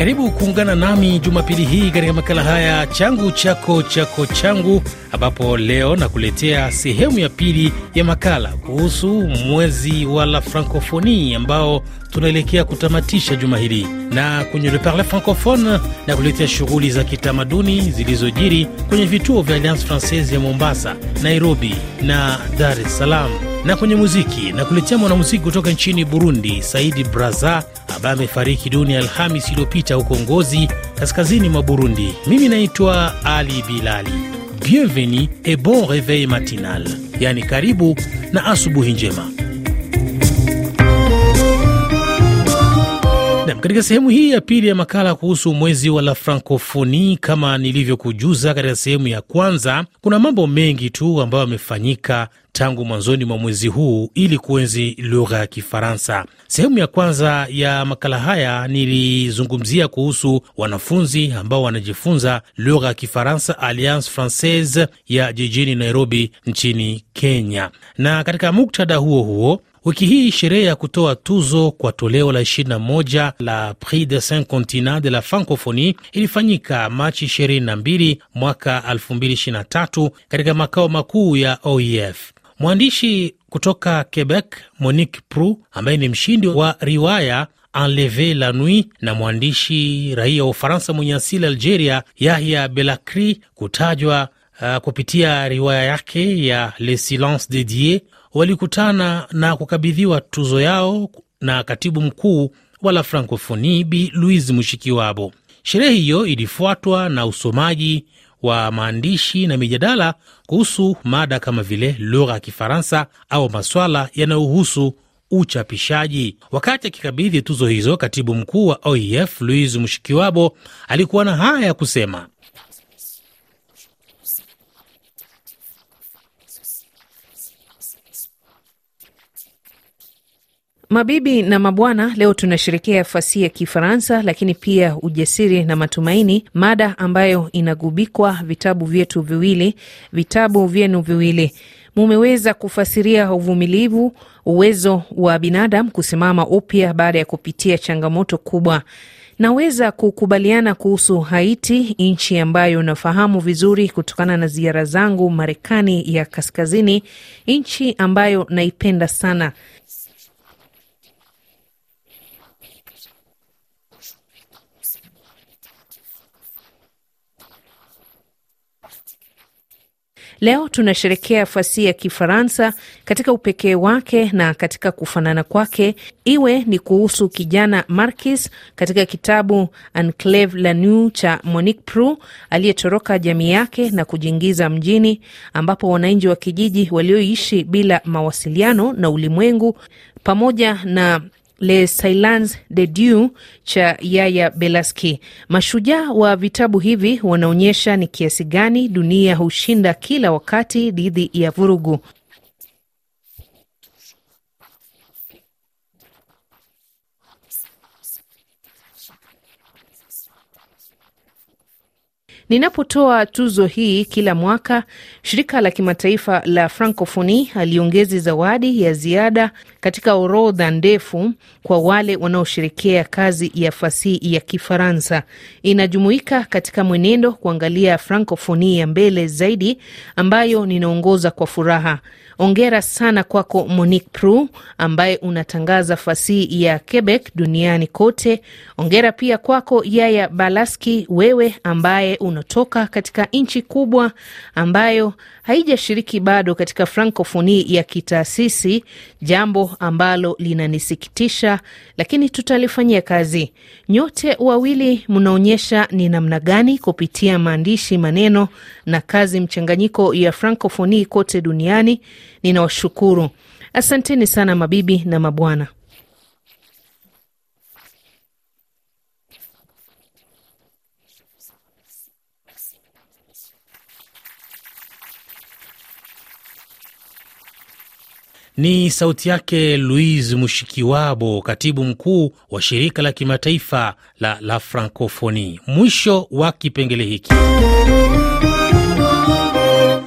Karibu kuungana nami Jumapili hii katika makala haya changu chako chako changu, ambapo leo nakuletea sehemu ya pili ya makala kuhusu mwezi wa la Francophonie ambao tunaelekea kutamatisha juma hili, na kwenye Le Parle Francophone na kuletea shughuli za kitamaduni zilizojiri kwenye vituo vya Alliance Francaise ya Mombasa, Nairobi na Dar es Salaam. Na kwenye muziki na kuletea mwanamuziki kutoka nchini Burundi, Saidi Braza ambaye amefariki dunia Alhamis iliyopita huko Ngozi, kaskazini mwa Burundi. Mimi naitwa Ali Bilali. Bienveni et bon reveil matinal, yaani karibu na asubuhi njema. Nam, katika sehemu hii ya pili ya makala kuhusu mwezi wa la Francofoni, kama nilivyokujuza katika sehemu ya kwanza, kuna mambo mengi tu ambayo yamefanyika tangu mwanzoni mwa mwezi huu ili kuenzi lugha ya Kifaransa. Sehemu ya kwanza ya makala haya nilizungumzia kuhusu wanafunzi ambao wanajifunza lugha ya Kifaransa Alliance Francaise ya jijini Nairobi nchini Kenya, na katika muktadha huo huo Wiki hii sherehe ya kutoa tuzo kwa toleo la 21 la Prix des Cinq Continents de la Francophonie ilifanyika Machi 22 mwaka 2023 katika makao makuu ya OEF. Mwandishi kutoka Quebec Monique Prou, ambaye ni mshindi wa riwaya Enleve la Nuit na mwandishi raia wa Ufaransa mwenye asili Algeria Yahya Belakri kutajwa uh, kupitia riwaya yake ya Le Silence Dedie walikutana na kukabidhiwa tuzo yao na katibu mkuu wa La Francofoni Bi Louis Mushikiwabo. Sherehe hiyo ilifuatwa na usomaji wa maandishi na mijadala kuhusu mada kama vile lugha ya Kifaransa au maswala yanayohusu uchapishaji. Wakati akikabidhi tuzo hizo, katibu mkuu wa OIF e Louis Mushikiwabo alikuwa na haya ya kusema. Mabibi na mabwana, leo tunasherekea fasihi ya Kifaransa, lakini pia ujasiri na matumaini, mada ambayo inagubikwa vitabu vyetu viwili, vitabu vyenu viwili. Mumeweza kufasiria uvumilivu, uwezo wa binadamu kusimama upya baada ya kupitia changamoto kubwa. Naweza kukubaliana kuhusu Haiti, nchi ambayo nafahamu vizuri kutokana na ziara zangu Marekani ya Kaskazini, nchi ambayo naipenda sana. Leo tunasherekea fasihi ya Kifaransa katika upekee wake na katika kufanana kwake, iwe ni kuhusu kijana Marquis katika kitabu Enclave la Nuit cha Monique pru aliyetoroka jamii yake na kujiingiza mjini, ambapo wananchi wa kijiji walioishi bila mawasiliano na ulimwengu pamoja na Le Silence de Dieu cha Yaya Belaski. Mashujaa wa vitabu hivi wanaonyesha ni kiasi gani dunia hushinda kila wakati dhidi ya vurugu. Ninapotoa tuzo hii kila mwaka, shirika la kimataifa la Francophonie aliongezi zawadi ya ziada katika orodha ndefu kwa wale wanaoshirikia kazi ya fasihi ya Kifaransa. Inajumuika katika mwenendo kuangalia Francophonie ya mbele zaidi, ambayo ninaongoza kwa furaha. Ongera sana kwako Monique Pru, ambaye unatangaza fasihi ya Quebec duniani kote. Ongera pia kwako Yaya Balaski, wewe ambaye una wanaotoka katika nchi kubwa ambayo haijashiriki bado katika frankofoni ya kitaasisi, jambo ambalo linanisikitisha, lakini tutalifanyia kazi. Nyote wawili mnaonyesha ni namna gani kupitia maandishi, maneno na kazi mchanganyiko ya frankofoni kote duniani. Ninawashukuru, asanteni sana mabibi na mabwana. Ni sauti yake Louise Mushikiwabo, katibu mkuu wa shirika la kimataifa la la Francophonie. Mwisho wa kipengele hiki.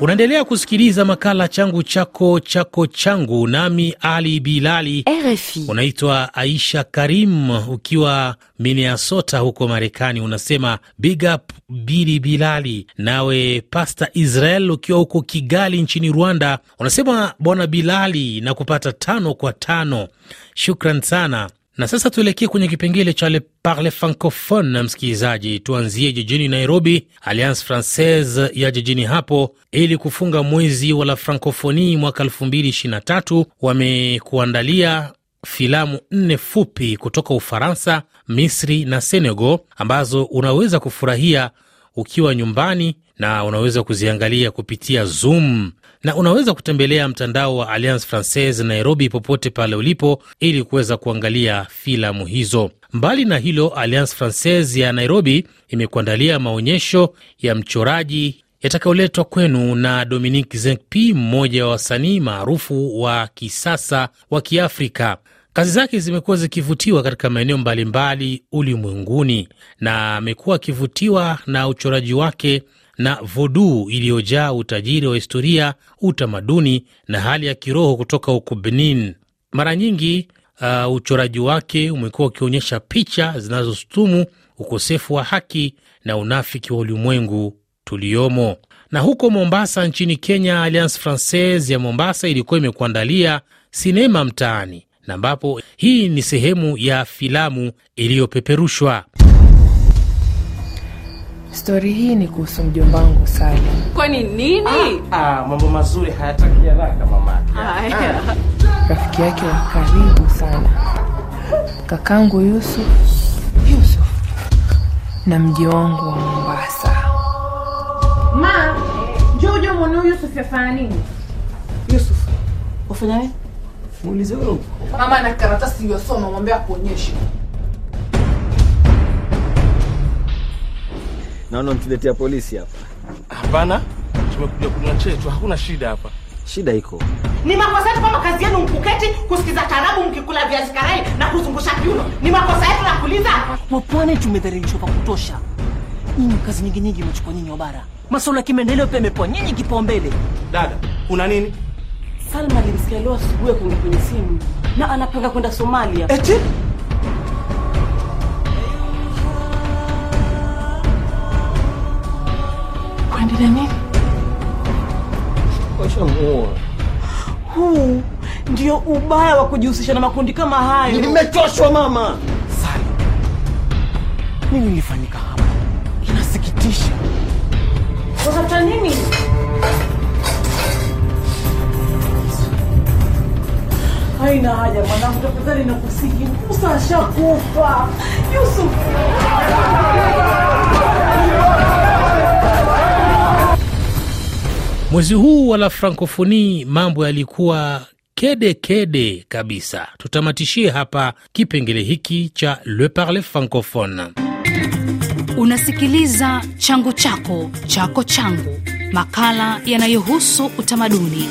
Unaendelea kusikiliza makala changu chako chako changu, nami Ali Bilali. RFI. Unaitwa Aisha Karim ukiwa Minnesota huko Marekani, unasema big up Bili Bilali. Nawe Pasta Israel ukiwa huko Kigali nchini Rwanda, unasema bwana Bilali na kupata tano kwa tano. Shukran sana. Na sasa tuelekee kwenye kipengele cha Le Parle Francophone. Msikilizaji, tuanzie jijini Nairobi. Alliance Francaise ya jijini hapo ili kufunga mwezi wa la Francophonie mwaka 223 wamekuandalia filamu nne fupi kutoka Ufaransa, Misri na Senegal ambazo unaweza kufurahia ukiwa nyumbani na unaweza kuziangalia kupitia Zoom na unaweza kutembelea mtandao wa Alliance Francaise Nairobi popote pale ulipo ili kuweza kuangalia filamu hizo. Mbali na hilo, Alliance Francaise ya Nairobi imekuandalia maonyesho ya mchoraji yatakayoletwa kwenu na Dominique Zenkpi, mmoja wa wasanii maarufu wa kisasa wa Kiafrika. Kazi zake zimekuwa zikivutiwa katika maeneo mbalimbali ulimwenguni na amekuwa akivutiwa na uchoraji wake na voduu iliyojaa utajiri wa historia, utamaduni na hali ya kiroho kutoka huko Benin. Mara nyingi uh, uchoraji wake umekuwa ukionyesha picha zinazoshutumu ukosefu wa haki na unafiki wa ulimwengu tuliomo. Na huko Mombasa nchini Kenya, Alliance Francaise ya Mombasa ilikuwa imekuandalia sinema mtaani na ambapo hii ni sehemu ya filamu iliyopeperushwa. Stori hii ni kuhusu mjomba wangu Sali. Kwani nini? Ah, ah, mambo mazuri hayataki haraka mama. Ah, yeah. Ah. Rafiki yake wa karibu sana kakangu Yusuf, Yusuf na mji wangu wa Mombasa. Ma, njoo uje mwone Yusuf yafanya nini? Yusuf, wafanya nini? Muulize wewe. Mama na karatasi uliyosoma mwambie akuonyeshe. Naona mtuletea polisi hapa. Hapana, tumekuja kunywa chetu, hakuna shida hapa. Shida iko ni makosa yetu kama kazi yenu mkuketi kusikiza tarabu mkikula viazi karai na kuzungusha kiuno. Ni makosa yetu na kuliza. Wapwani tumedhalilishwa pa kutosha. Nyinyi kazi nyingi nyingi machukua nyinyi wabara. Masuala ya kimaendeleo pia yamepewa nyinyi kipaumbele. Dada, una nini? Salma alimsikia leo asubuhi akiongea kwenye simu na anapanga kwenda Somalia. Eti? Kuendelea nini? Huu ndio ubaya wa kujihusisha na makundi kama hayo. Nimechoshwa mama. Sali. nini ilifanyika hapa? Inasikitisha. Unataka nini? haina haja mwanangu, tafadhali nakusihi, Musa ashakufa. Yusuf Mwezi huu wa La Francophonie mambo yalikuwa kede kede kabisa. Tutamatishie hapa kipengele hiki cha Le Parle Francophone. Unasikiliza changu chako chako changu, makala yanayohusu utamaduni.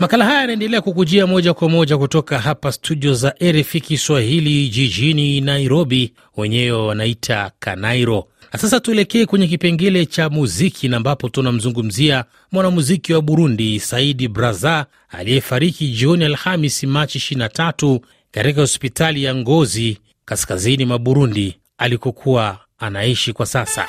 Makala haya yanaendelea kukujia moja kwa moja kutoka hapa studio za RFI Kiswahili jijini Nairobi, wenyewe wanaita Kanairo. Na sasa tuelekee kwenye kipengele cha muziki, na ambapo tunamzungumzia mwanamuziki wa Burundi Saidi Braza aliyefariki jioni Alhamis Machi 23 katika hospitali ya Ngozi kaskazini mwa Burundi alikokuwa anaishi kwa sasa.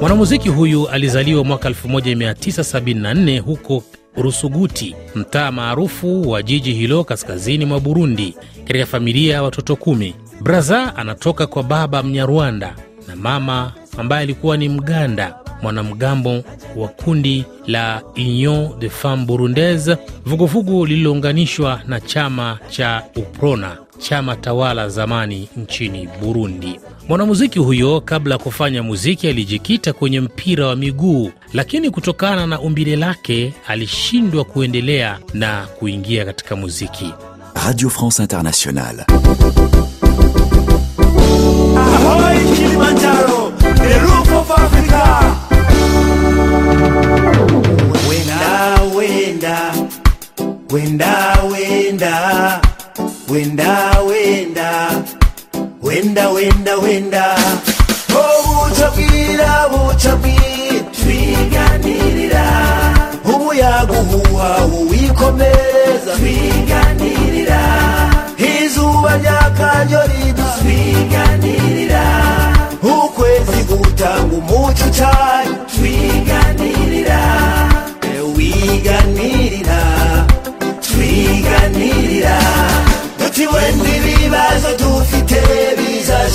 Mwanamuziki huyu alizaliwa mwaka 1974 huko Rusuguti, mtaa maarufu wa jiji hilo kaskazini mwa Burundi, katika familia ya watoto kumi. Braza anatoka kwa baba Mnyarwanda na mama ambaye alikuwa ni Mganda, mwanamgambo wa kundi la Union de femme Burundaises, vuguvugu lililounganishwa na chama cha UPRONA, chama tawala zamani nchini Burundi. Mwanamuziki huyo kabla ya kufanya muziki alijikita kwenye mpira wa miguu, lakini kutokana na umbile lake alishindwa kuendelea na kuingia katika muziki. Radio France Internationale.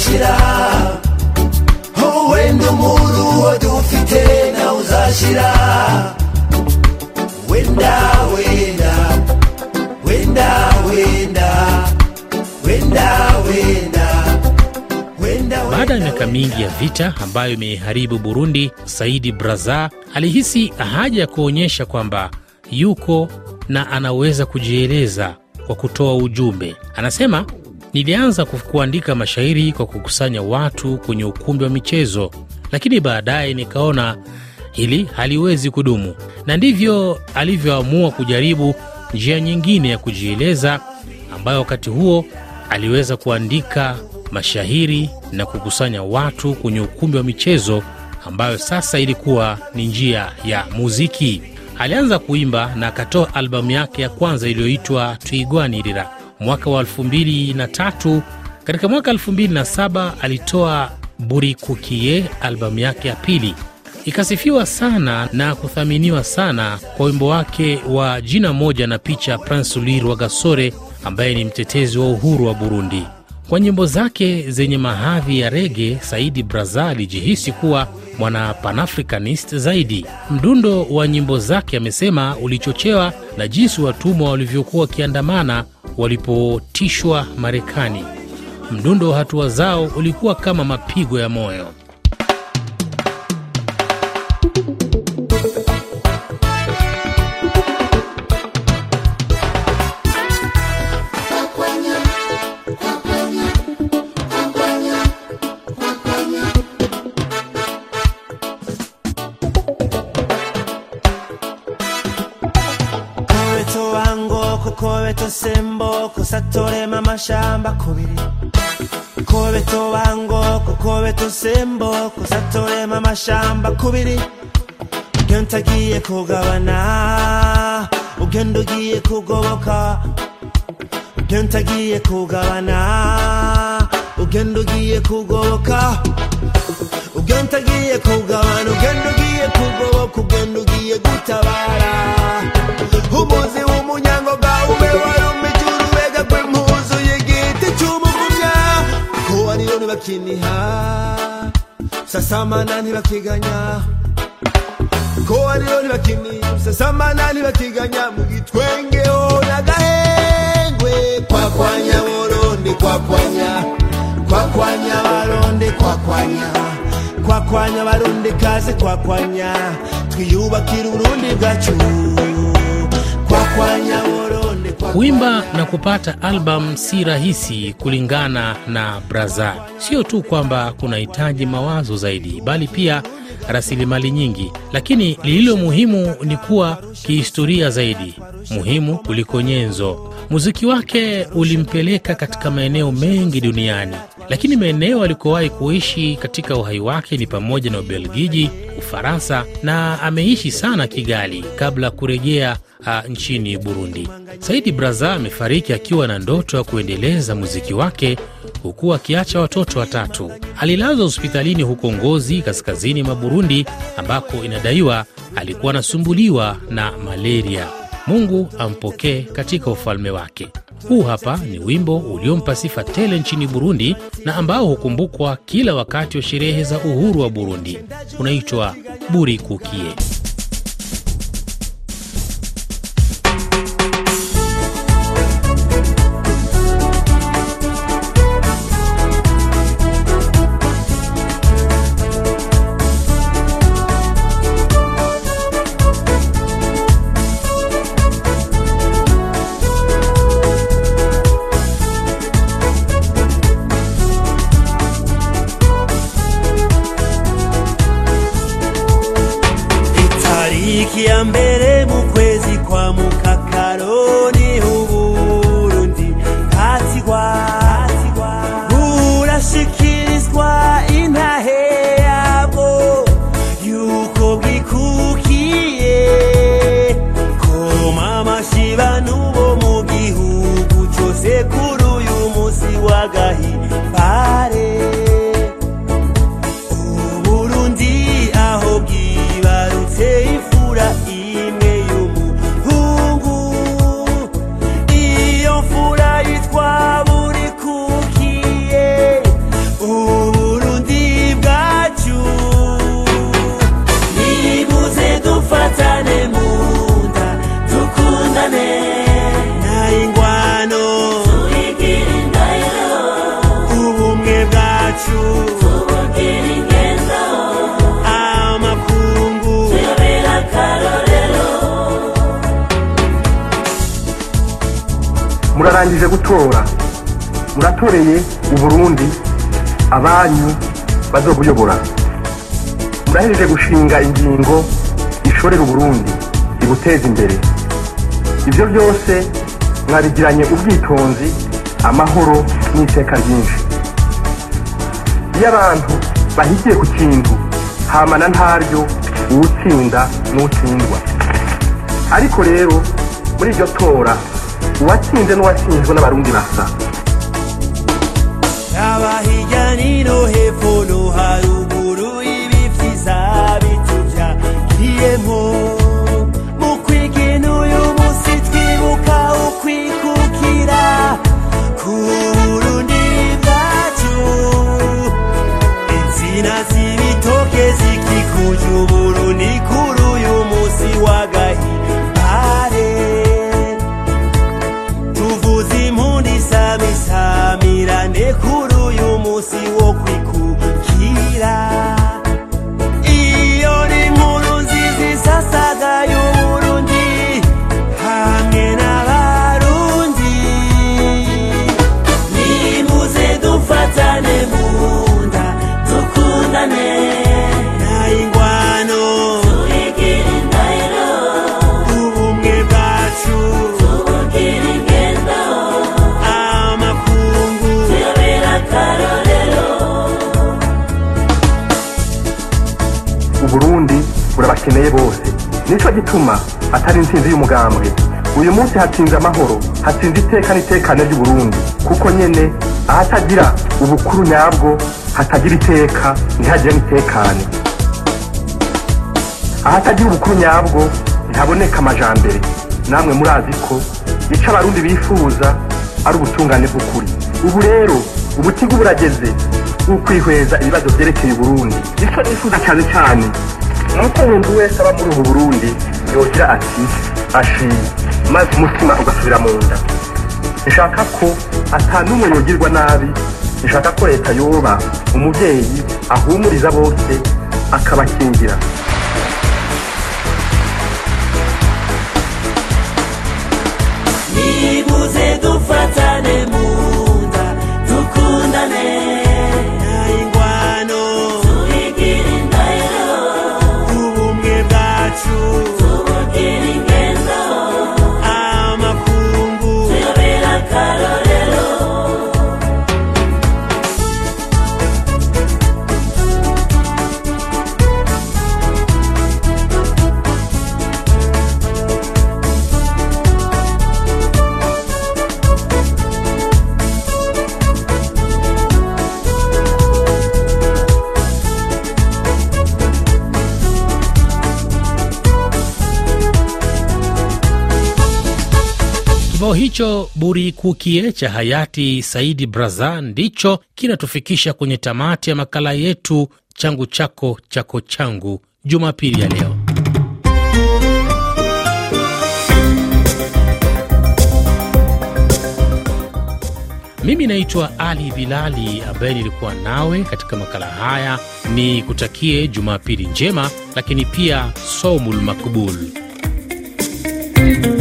uzashira wowe ndumuru uwo nawe uzashira wenda wenda wenda wenda wenda wenda baada ya miaka mingi ya vita ambayo imeharibu Burundi, Saidi Braza alihisi haja ya kuonyesha kwamba yuko na anaweza kujieleza kwa kutoa ujumbe. Anasema Nilianza kuandika mashairi kwa kukusanya watu kwenye ukumbi wa michezo, lakini baadaye nikaona hili haliwezi kudumu, na ndivyo alivyoamua kujaribu njia nyingine ya kujieleza, ambayo wakati huo aliweza kuandika mashairi na kukusanya watu kwenye ukumbi wa michezo, ambayo sasa ilikuwa ni njia ya muziki. Alianza kuimba na akatoa albamu yake ya kwanza iliyoitwa twigwanirira mwaka wa 2003. Katika mwaka 2007 alitoa Burikukie, albamu yake ya pili, ikasifiwa sana na kuthaminiwa sana kwa wimbo wake wa jina moja na picha Prince Louis Rwagasore ambaye ni mtetezi wa uhuru wa Burundi. Kwa nyimbo zake zenye mahadhi ya rege, Saidi Braza alijihisi kuwa mwana panafricanist zaidi. Mdundo wa nyimbo zake, amesema, ulichochewa na jinsi watumwa walivyokuwa wakiandamana walipotishwa Marekani. Mdundo wa hatua zao ulikuwa kama mapigo ya moyo. kobe tosembo kosatorema amashamba kubiri kobe tobangoko kobe tosembo kosatorema amashamba kubiri ugenda agiye kugabana ugenda ugiye kugoboka ugenda agiye kugabana ugenda ugiye kugoboka ugenda agiye kugabana ugenda ugiye kugoboka ugenda ugiye gutabara umuzi sasamanani bateganya ko ariyo ntibakeneye sasamanani bateganya mu gitwengeho n'agahengwe kwa kwa nyabaronde kwa kwa nya kwa kwa nyabaronde kwa kwa kwa kwa nyabaronde kaze kwa kwa twiyubakira uburundi bwacu kwa kwa nyabaronde Kuimba na kupata albamu si rahisi, kulingana na Braza. Sio tu kwamba kunahitaji mawazo zaidi, bali pia rasilimali nyingi, lakini lililo muhimu ni kuwa kihistoria zaidi, muhimu kuliko nyenzo. Muziki wake ulimpeleka katika maeneo mengi duniani, lakini maeneo alikowahi kuishi katika uhai wake ni pamoja na Ubelgiji, Ufaransa na ameishi sana Kigali kabla ya kurejea ah, nchini Burundi. Saidi Braza amefariki akiwa na ndoto ya kuendeleza muziki wake huku akiacha watoto watatu. Alilazwa hospitalini huko Ngozi, kaskazini mwa Burundi, ambako inadaiwa alikuwa anasumbuliwa na malaria. Mungu ampokee katika ufalme wake. Huu hapa ni wimbo uliompa sifa tele nchini Burundi na ambao hukumbukwa kila wakati wa sherehe za uhuru wa Burundi. Unaitwa Burikukie. gutora muratoreye uburundi abanyu bazobuyobora murahejeje gushinga ingingo ishorera uburundi ibuteza imbere ibyo byose mwabigiranye ubwitonzi amahoro n'iteka ryinshi iyo abantu bahigiye ku kintu hamana ntaryo uwutsinda n'utsindwa ariko rero muri iryo tora uwatsinze n'uwatsinzwe n'abarundi basa haba hirya n'ino hepfo no hasi bituma atari intsinzi y'umugambwe uyu munsi hatsinze amahoro hatsinze iteka n'itekane ry'uburundi kuko nyine ahatagira ubukuru nyabwo hatagira iteka ntihagire n'itekane ahatagira ubukuru nyabwo ntihaboneka amajambere namwe murazi ko icyo abarundi bifuza ari ubutungane bw'ukuri ubu rero ubutigu burageze ukwihweza ibibazo byerekeye uburundi icyo nifuza cyane cyane umukunzi wese aba muri ubu burundi yogira ati ashiye maze umutima ugasubira mu nda nshaka ko atanumwe yogirwa nabi nshaka ko leta yoba umubyeyi ahumuriza bose akabakingira nibuze dufata Hicho burikukie cha hayati Saidi Braza ndicho kinatufikisha kwenye tamati ya makala yetu changu chako chako changu Jumapili ya leo. Mimi naitwa Ali Bilali, ambaye nilikuwa nawe katika makala haya. Ni kutakie Jumapili njema, lakini pia somul makbul.